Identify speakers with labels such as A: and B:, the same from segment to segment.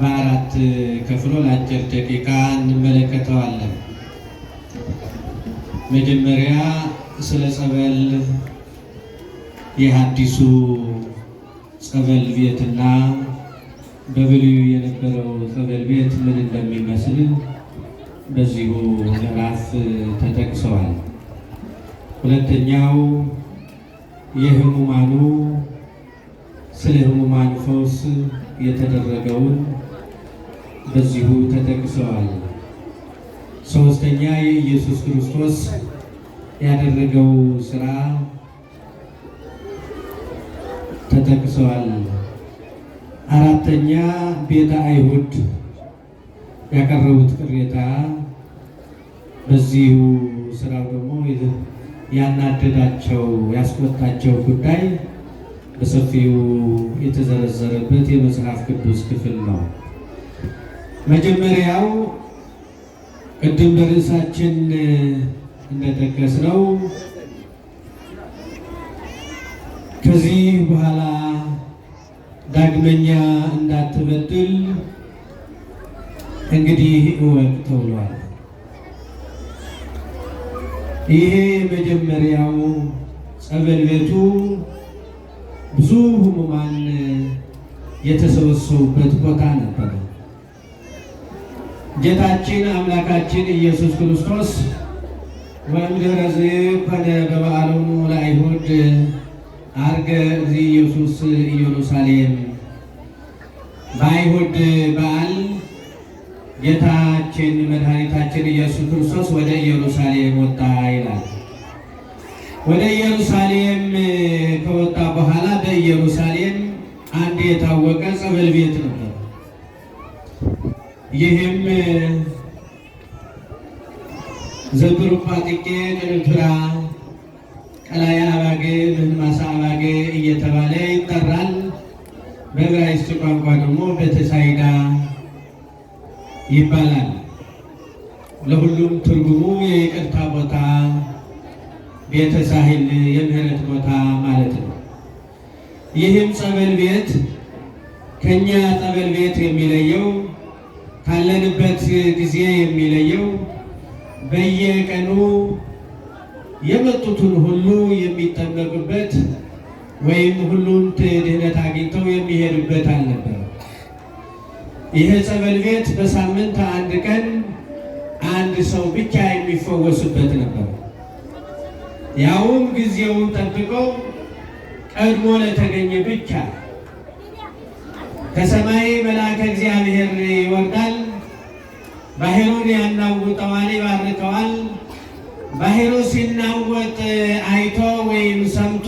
A: በአራት ከፍሎ ለአጭር ደቂቃ እንመለከተዋለን። መጀመሪያ ስለ ጸበል የሐዲሱ ጸበል ቤትና በብሉይ የነበረው ጸበል ቤት ምን እንደሚመስል በዚሁ ምዕራፍ ተጠቅሰዋል። ሁለተኛው የህሙማኑ ስለ ህሙማን ፈውስ የተደረገውን በዚሁ ተጠቅሰዋል። ሶስተኛ የኢየሱስ ክርስቶስ ያደረገው ስራ ተጠቅሰዋል። አራተኛ ቤተ አይሁድ ያቀረቡት ቅሬታ በዚሁ ስራው ደግሞ ያናደዳቸው ያስቆጣቸው ጉዳይ በሰፊው የተዘረዘረበት የመጽሐፍ ቅዱስ ክፍል ነው። መጀመሪያው ቅድም በርዕሳችን እንደጠቀስነው ከዚህ በኋላ ዳግመኛ እንዳትበድል እንግዲህ እወቅ ተብሏል። ይሄ መጀመሪያው ጸበል ቤቱ ብዙ ሕሙማን የተሰበሰቡበት ቦታ ነበር። ጌታችን አምላካችን ኢየሱስ ክርስቶስ ወእምድኅረ ኮነ በበዓሉ ለአይሁድ ዐርገ እግዚእ ኢየሱስ ኢየሩሳሌም። በአይሁድ በዓል ጌታችን መድኃኒታችን ኢየሱስ ክርስቶስ ወደ ኢየሩሳሌም ወጣ ይላል። ወደ ኢየሩሳሌም ከወጣ በኋላ በኢየሩሳሌም አንድ የታወቀ ጸበል ቤት ነው። ይህም ዘብሩባ ጥቄ ቅንቱራ ቀላያ አባጌ ምንማሳ አባጌ እየተባለ ይጠራል። በዕብራይስጥ ቋንቋ ደግሞ ቤተሳይዳ ይባላል። ለሁሉም ትርጉሙ የይቅርታ ቦታ፣ ቤተሳህል የምህረት ቦታ ማለት ነው። ይህም ጸበል ቤት ከእኛ ጸበል ቤት የሚለየው ካለንበት ጊዜ የሚለየው በየቀኑ የመጡትን ሁሉ የሚጠበቅበት ወይም ሁሉም ድህነት አግኝተው የሚሄዱበት አልነበረ። ይህ ጸበል ቤት በሳምንት አንድ ቀን አንድ ሰው ብቻ የሚፈወስበት ነበር። ያውም ጊዜውን ጠብቀው ቀድሞ ለተገኘ ብቻ። ከሰማይ መልአከ እግዚአብሔር ይወርዳል ባህሩን ያናውጠዋል፣ ይባርከዋል። ባህሩ ሲናወጥ አይቶ ወይም ሰምቶ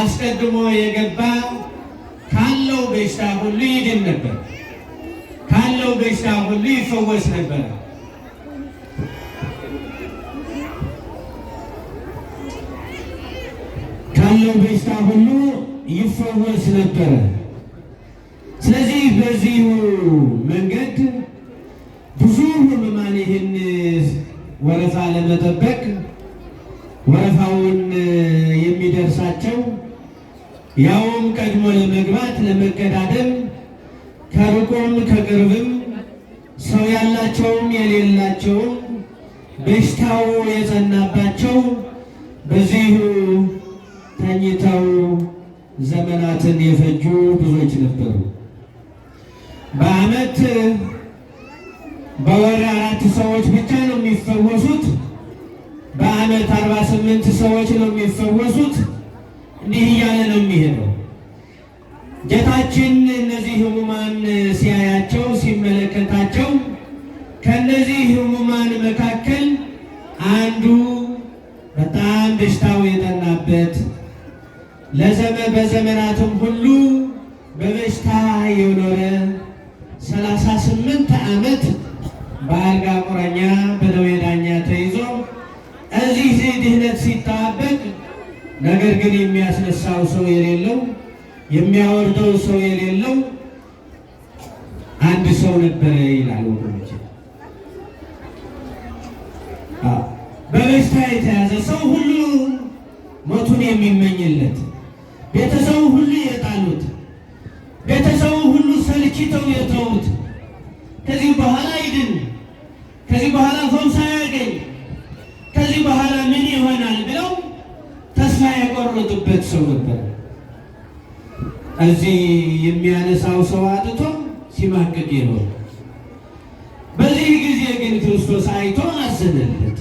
A: አስቀድሞ የገባ ካለው በሽታ ሁሉ ይድን ነበር፣ ካለው በሽታ ሁሉ ይፈወስ ነበር። ካለው በሽታ ሁሉ ይፈወስ ነበረ። ስለዚህ በዚሁ መንገድ ይህን ወረፋ ለመጠበቅ ወረፋውን የሚደርሳቸው ያውም ቀድሞ ለመግባት ለመቀዳደም ከሩቁም ከቅርብም ሰው ያላቸውም የሌላቸውም በሽታው የጸናባቸው በዚሁ ተኝተው ዘመናትን የፈጁ ብዙዎች ነበሩ በዓመት በወር አራት ሰዎች ብቻ ነው የሚፈወሱት። በአመት አርባ ስምንት ሰዎች ነው የሚፈወሱት። እንዲህ እያለ ነው የሚሄደው። ጌታችን እነዚህ ህሙማን ሲያያቸው ሲመለከታቸው ከእነዚህ ህሙማን መካከል አንዱ በጣም በሽታው የጠናበት ለዘመ በዘመናትም ሁሉ በበሽታ የኖረ ሰላሳ ስምንት ዓመት በአልጋ ቁራኛ በደዌ ዳኛ ተይዞ እዚህ ድህነት ሲጣበቅ፣ ነገር ግን የሚያስነሳው ሰው የሌለው የሚያወርደው ሰው የሌለው አንድ ሰው ነበረ ይላል ወገኖች። በበሽታ የተያዘ ሰው ሁሉ ሞቱን የሚመኝለት ቤተሰቡ ሁሉ የጣሉት ቤተሰቡ ሁሉ ሰልችተው የተዉት ከዚህ በኋላ ይድን ከዚህ በኋላ ፈውስ አያገኝ፣ ከዚህ በኋላ ምን ይሆናል ብለው ተስፋ የቆረጡበት ሰው ነበር። እዚህ የሚያነሳው ሰው አጥቶ ሲማቅቅ ይኖር። በዚህ ጊዜ ግን ክርስቶስ አይቶ አዘነለት።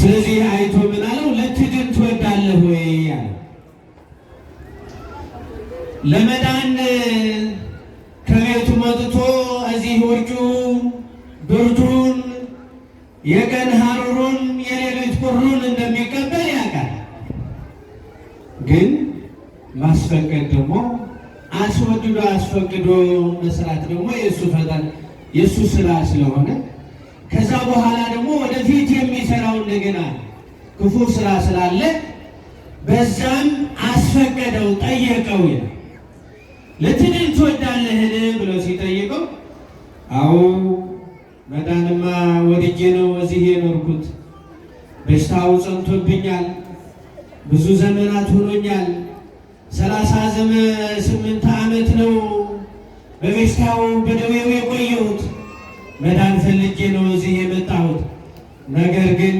A: ስለዚህ አይቶ ምን አለው? ልትድን ትወዳለህ ወይ አለ። ለመዳን ከቤቱ መጥቶ እነዚህዎቹ ብርቱን የቀን ሐሩሩን የሌሊት ቁሩን እንደሚቀበል ያውቃል። ግን ማስፈቀድ ደግሞ አስወድዶ አስፈቅዶ መስራት ደግሞ የእሱ ፈጠን የእሱ ስራ ስለሆነ ከዛ በኋላ ደግሞ ወደፊት የሚሰራው እንደገና ክፉ ስራ ስላለ በዛም አስፈቀደው ጠየቀው። ለትድል ትወዳለህን ብሎ ሲጠይቀው አዎ መዳንማ ወድጄ ነው እዚህ የኖርኩት። በሽታው ጸንቶብኛል። ብዙ ዘመናት ሆኖኛል። ሰላሳ ዘመን ስምንት ዓመት ነው በበሽታው በደዌው የቆየሁት። መዳን ፈልጌ ነው እዚህ የመጣሁት። ነገር ግን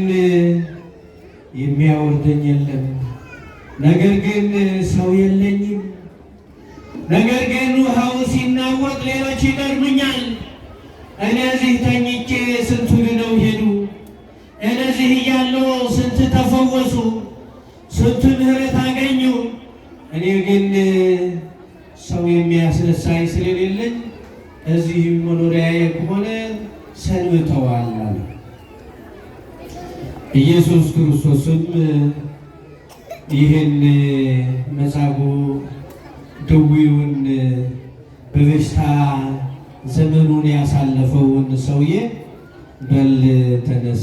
A: የሚያወርደኝ የለም። ነገር ግን ሰው የለኝም። ነገር ግን ውሃው ሲናወጥ ሌሎች ይጠርሙኛል። እነዚህ ተኝቼ ስንቱ ድነው ሄዱ፣ እነዚህ እያለው ስንት ተፈወሱ፣ ስንቱ ምሕረት አገኙ። እኔ ግን ሰው የሚያስነሳኝ ስለሌለኝ እዚህም መኖሪያዬ ከሆነ ሰንብተዋል አለ። ኢየሱስ ክርስቶስም ይህን መጻጉዕ ድውዩን በበሽታ ዘመኑን ያሳለፈውን ሰውዬ በል ተነስ፣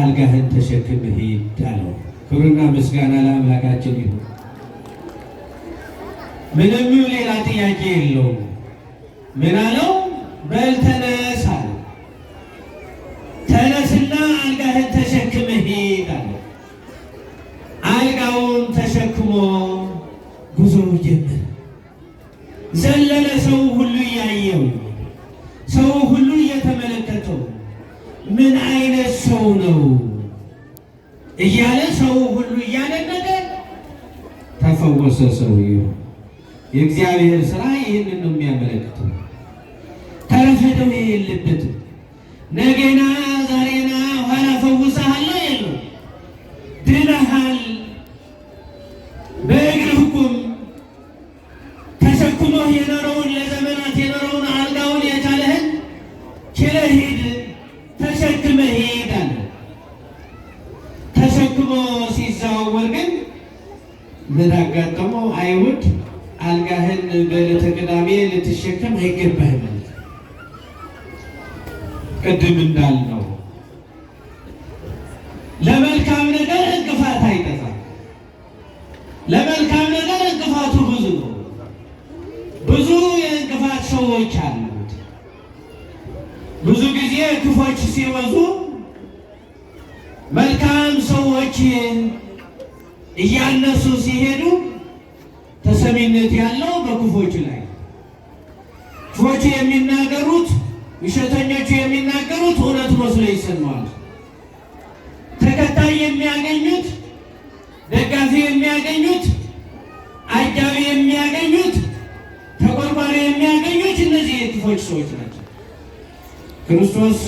A: አልጋህን ተሸክም ሂድ አለው። ክብርና ምስጋና ለአምላካችን ይሁን። ምንም ሌላ ጥያቄ የለውም። ምን አለው? በል ተነስ ነው እያለ ሰው ሁሉ እያደነቀ ተፈወሰ። ሰውዬው የእግዚአብሔር ስራ ይህንን ነው የሚያመለክተው። ተረፈ ደዌ የለበትም። ሲሰወር ግን ምን አጋጠመው? አይሁድ አልጋህን በዕለተ ቅዳሜ ልትሸከም አይገባህም። ቅድም እንዳልነው ለመልካም ነገር እንቅፋት አይጠፋም። ለመልካም ነገር እንቅፋቱ ብዙ ነው። ብዙ የእንቅፋት ሰዎች አሉት። ብዙ ጊዜ ክፎች ሲበዙ መልካም ሰዎች እያነሱ ሲሄዱ ተሰሚነት ያለው በክፎቹ ላይ ክፎቹ የሚናገሩት ውሸተኞቹ የሚናገሩት እውነት መስሎ ይሰማዋል። ተከታይ የሚያገኙት ደጋፊ የሚያገኙት አጃቢ የሚያገኙት ተቆርቋሪ የሚያገኙት እነዚህ የክፎች ሰዎች ናቸው። ክርስቶስ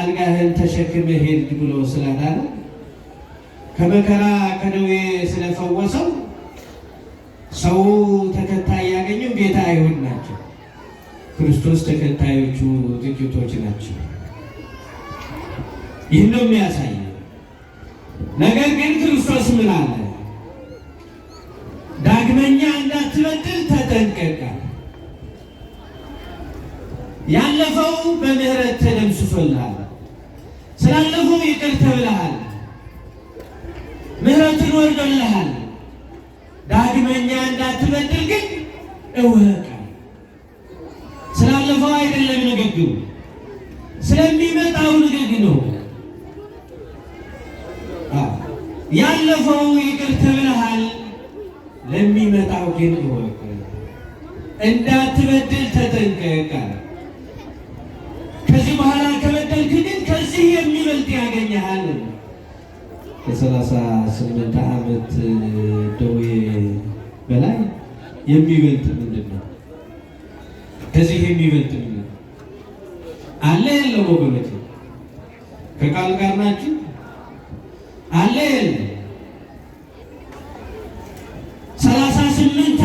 A: አልጋህን ተሸክመ ሄድ ብሎ ስላላለ ከመከራ ከደዌ ስለፈወሰው ሰው ተከታይ ያገኘው ጌታ አይሁድ ናቸው። ክርስቶስ ተከታዮቹ ጥቂቶች ናቸው። ይህን ነው የሚያሳየው። ነገር ግን ክርስቶስ ምን አለ? ዳግመኛ እንዳትበድል ተጠንቀቃ። ያለፈው በምህረት ተደምስሶልሃል፣ ስላለፈው ይቅር ተብለሃል። ምሕረትን ወርዶልሃል። ዳግመኛ እንዳትበድል ግን እወቅ። ስላለፈው አይደለም ንግግሩ፣ ስለሚመጣው ንግግር ነው። ያለፈው ይቅር ተብለሃል፣ ለሚመጣው ግን እወቅ፣ እንዳትበድል ተጠንቀቅ። ከዚህ በኋላ ከበደልክ ግን ከዚህ የሚበልጥ ያገኘሃል። ከሰላሳ ስምንት ዓመት ደዌ በላይ የሚበልጥ ምንድን ነው? ከዚህ የሚበልጥ ምንድን ነው አለ ያለው ወገኖች፣ ከቃል ጋር ናችሁ አለ ያለ ሰላሳ ስምንት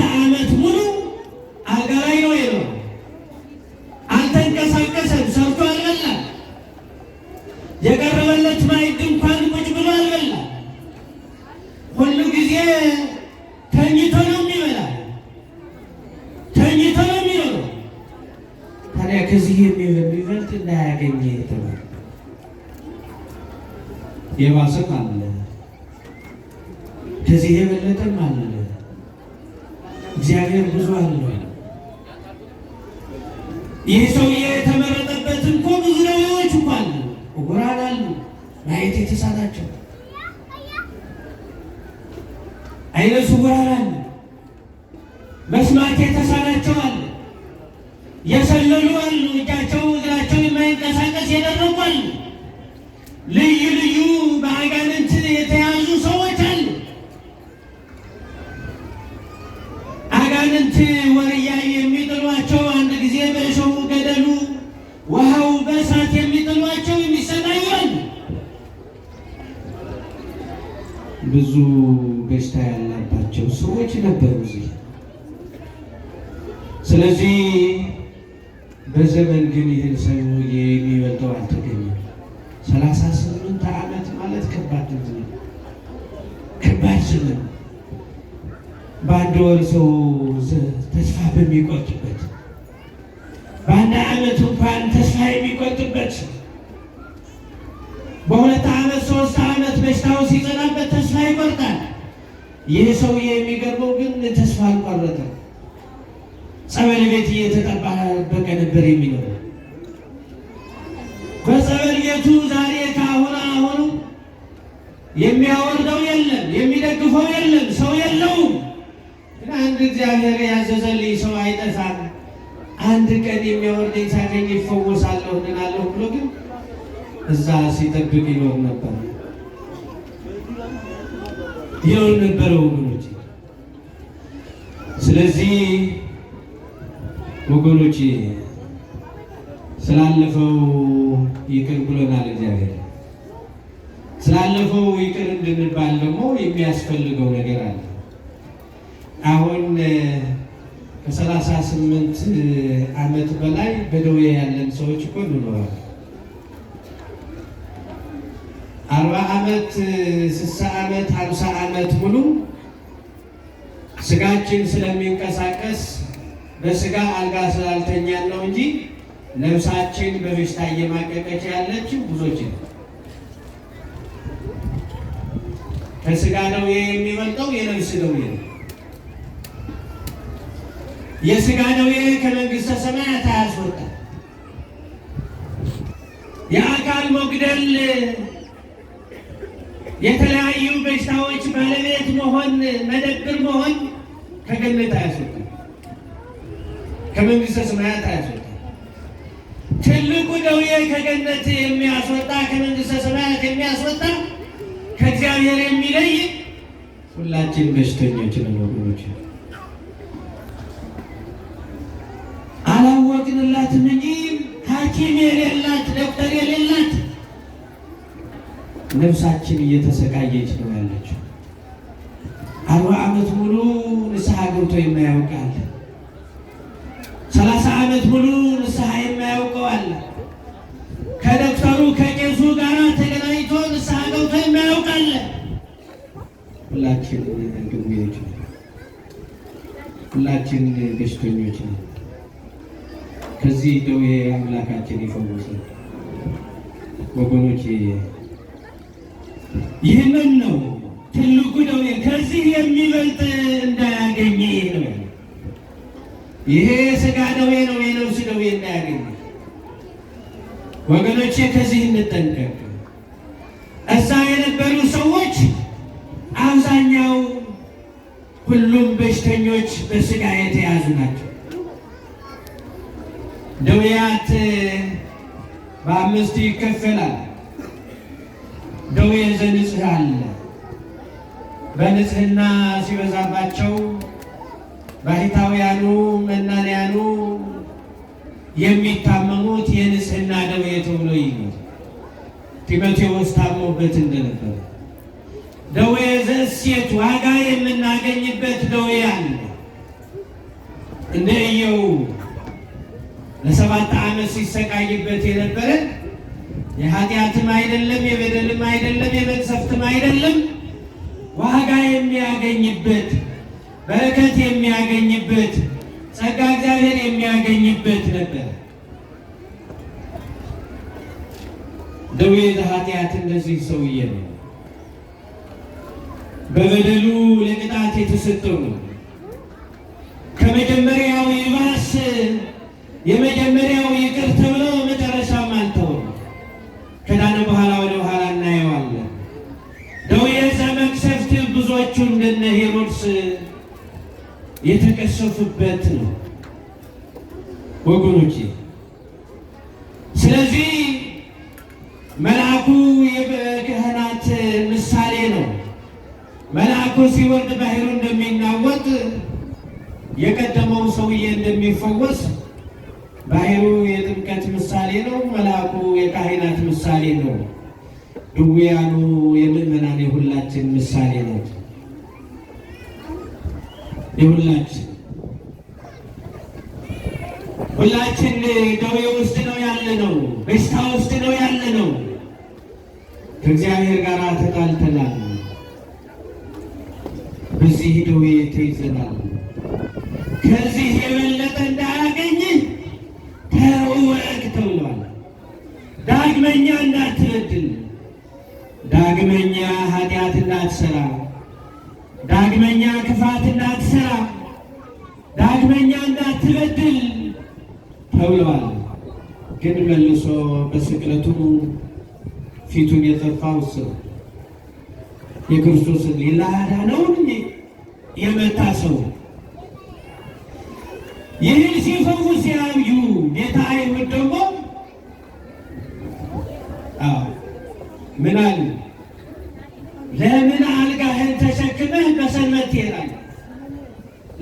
A: ይኖራል ነው ያለው። ይህ ሰውዬ የተመረጠበት እኮ ብዙ ነዎች እኮ አሉ፣ ዕውራን አሉ፣ ማየት የተሳናቸው ዓይነ ስውራን አሉ፣ መስማት የተሳናቸው አሉ፣ የሰለሉ አሉ፣ እጃቸው እግራቸው የማይንቀሳቀስ የደረጉ አሉ ልዩ በእሳት የሚጥሏቸው የሚሰቃዩ ብዙ በሽታ ያላባቸው ሰዎች ነበሩ እዚህ። ስለዚህ በዘመን ግን ይህን ሰው የሚበልጠው አልተገኘም። ሰላሳ ስምንት ዓመት ማለት ከባድ ነው፣ ከባድ ዘመን በአንድ ወር ሰው ተስፋ በሚቆርጥበት በአንድ ዓመት እንኳን ተስፋ የሚ የሚዘራበት ተስፋ ይቆርጣል። ይህ ሰውዬ የሚገርመው ግን ተስፋ አልቆረጠም። ጸበል ቤት እየተጠባበቀ ነበር የሚኖር በጸበል ቤቱ ዛሬ ከአሁን አሁኑ የሚያወርደው የለም፣ የሚደግፈው የለም፣ ሰው የለውም። ግን አንድ እግዚአብሔር ያዘዘልኝ ሰው አይጠፋም፣ አንድ ቀን የሚያወርደኝ ሳገኝ ይፈወሳለሁ፣ ድናለሁ ብሎ ግን እዛ ሲጠብቅ ይኖር ነበር። ይሆን ነበረ ወገኖች። ስለዚህ ወገኖች ስላለፈው ይቅር ብሎናል እግዚአብሔር። ስላለፈው ይቅር እንድንባል ደግሞ የሚያስፈልገው ነገር አለ። አሁን ከሰላሳ ስምንት ዓመት በላይ በደዌ ያለን ሰዎች እኮ እንኖራለን። አርባ ዓመት ስልሳ ዓመት ሀምሳ ዓመት ሙሉ ስጋችን ስለሚንቀሳቀስ በስጋ አልጋ ስላልተኛን ነው እንጂ ነፍሳችን በበሽታ እየማቀቀች ያለችው ብዙዎች ነው። ከስጋ ነው የሚበልጠው የነፍስ ነው ነው የስጋ ደዌ ከመንግስተ ሰማያት አያስወጣም። የአካል መጉደል የተለያዩ በሽታዎች ባለቤት መሆን መደብር መሆን ከገነት አያስወጣም፣ ከመንግስተ ሰማያት አያስወጣም። ትልቁ ደዌ ከገነት የሚያስወጣ ከመንግስተ ሰማያት የሚያስወጣ ከእግዚአብሔር የሚለይ ሁላችን በሽተኞች ነው ወገኖች። ነፍሳችን እየተሰቃየች ነው ያለችው። አርባ ዓመት ሙሉ ንስሐ ገብቶ የማያውቅ አለ። ሰላሳ ዓመት ሙሉ ንስሐ የማያውቀው አለ። ከዶክተሩ ከቄሱ ጋር ተገናኝቶ ንስሐ ገብቶ የማያውቅ አለ። ሁላችን ድውዮች ነው። ሁላችን በሽተኞች ነው። ከዚህ ደዌ አምላካችን ይፈወሰ ወገኖች። ይህንን ነው ትልቁ ደዌ። ከዚህ የሚበልጥ እንዳያገኘ ነው። ይሄ ስጋ ደዌ ነው፣ የነፍስ ደዌ እንዳያገኘ ወገኖቼ፣ ከዚህ እንጠንቀቅ። እዛ የነበሩ ሰዎች አብዛኛው ሁሉም በሽተኞች በስጋ የተያዙ ናቸው። ደዌያት በአምስት ይከፈላል። ደዌ ዘንጽሕ አለ። በንጽህና ሲበዛባቸው ባህታውያኑ መናንያኑ የሚታመሙት የንጽህና ደዌ ተብሎ ይል ጢሞቴዎስ ታሞበት እንደነበረ ደዌ ዘእሴት ዋጋ የምናገኝበት ደዌ አለ። እንደ እየው ለሰባት ዓመት ሲሰቃይበት የነበረ የኃጢአትም አይደለም የበደልም አይደለም የመቅሰፍትም አይደለም ዋጋ የሚያገኝበት በረከት የሚያገኝበት ጸጋ እግዚአብሔር የሚያገኝበት ነበር። ደዌ ኃጢአት እንደዚህ ሰውዬ ነው። በበደሉ ለቅጣት የተሰጠው ነው። ከመጀመሪያው ይባስ የመጀመሪያው ይቅር ተብሎ እንደነ ሄሮድስ የተቀሰፉበት ነው ወገኖች። ስለዚህ መልአኩ የካህናት ምሳሌ ነው። መልአኩ ሲወርድ ባህሩ እንደሚናወጥ የቀደመው ሰውዬ እንደሚፈወስ ባህሩ የጥምቀት ምሳሌ ነው። መልአኩ የካህናት ምሳሌ ነው። ድውያኑ የምእመናን የሁላችን ምሳሌ ነው። የሁላችን ሁላችን ደዌ ውስጥ ነው ያለ ነው፣ በሽታ ውስጥ ነው ያለ ነው። ከእግዚአብሔር ጋር ተጣልተናል። በዚህ ደዌ ተይዘናል። ከዚህ የበለጠ እንዳያገኝህ ተወቅ ተብሏል። ዳግመኛ እንዳትበድል፣ ዳግመኛ ኃጢአት እንዳትሰራ ዳግመኛ ክፋት እንዳትሰራ፣ ዳግመኛ እንዳትበድል ተብለዋል። ግን መልሶ በስቅለቱ ፊቱን የጠፋው እሱ የክርስቶስን ሌላ አዳነውን የመታ ሰው ይህን ሲፈውስ ሲያዩ ጌታ አይሁድ ደግሞ ምን አሉ? ለምን አልጋህን ተሸክመህ በሰንበት ትሄዳለህ?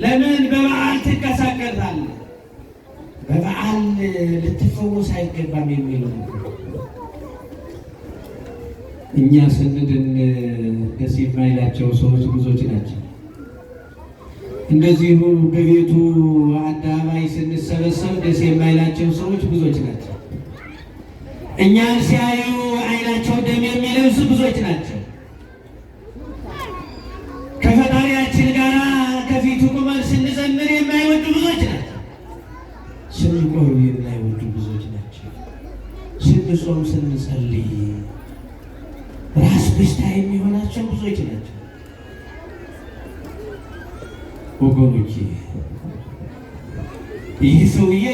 A: ለምን በበዓል ትቀሳቀሳለህ? በበዓል ልትፈወስ አይገባም የሚለው እኛ ስንድን ደስ የማይላቸው ሰዎች ብዙዎች ናቸው። እንደዚሁ በቤቱ አደባባይ ስንሰበሰብ ደስ የማይላቸው ሰዎች ብዙዎች ናቸው። እኛን ሲያዩ አይናቸው ደም የሚለብሱ ብዙዎች ናቸው። ስንቆም የማይወዱ ብዙዎች ናቸው። ስንጾም ስንጸልይ ራስ በሽታ የሚሆናቸው ብዙዎች ናቸው። ወገኖች ይህ ሰውዬ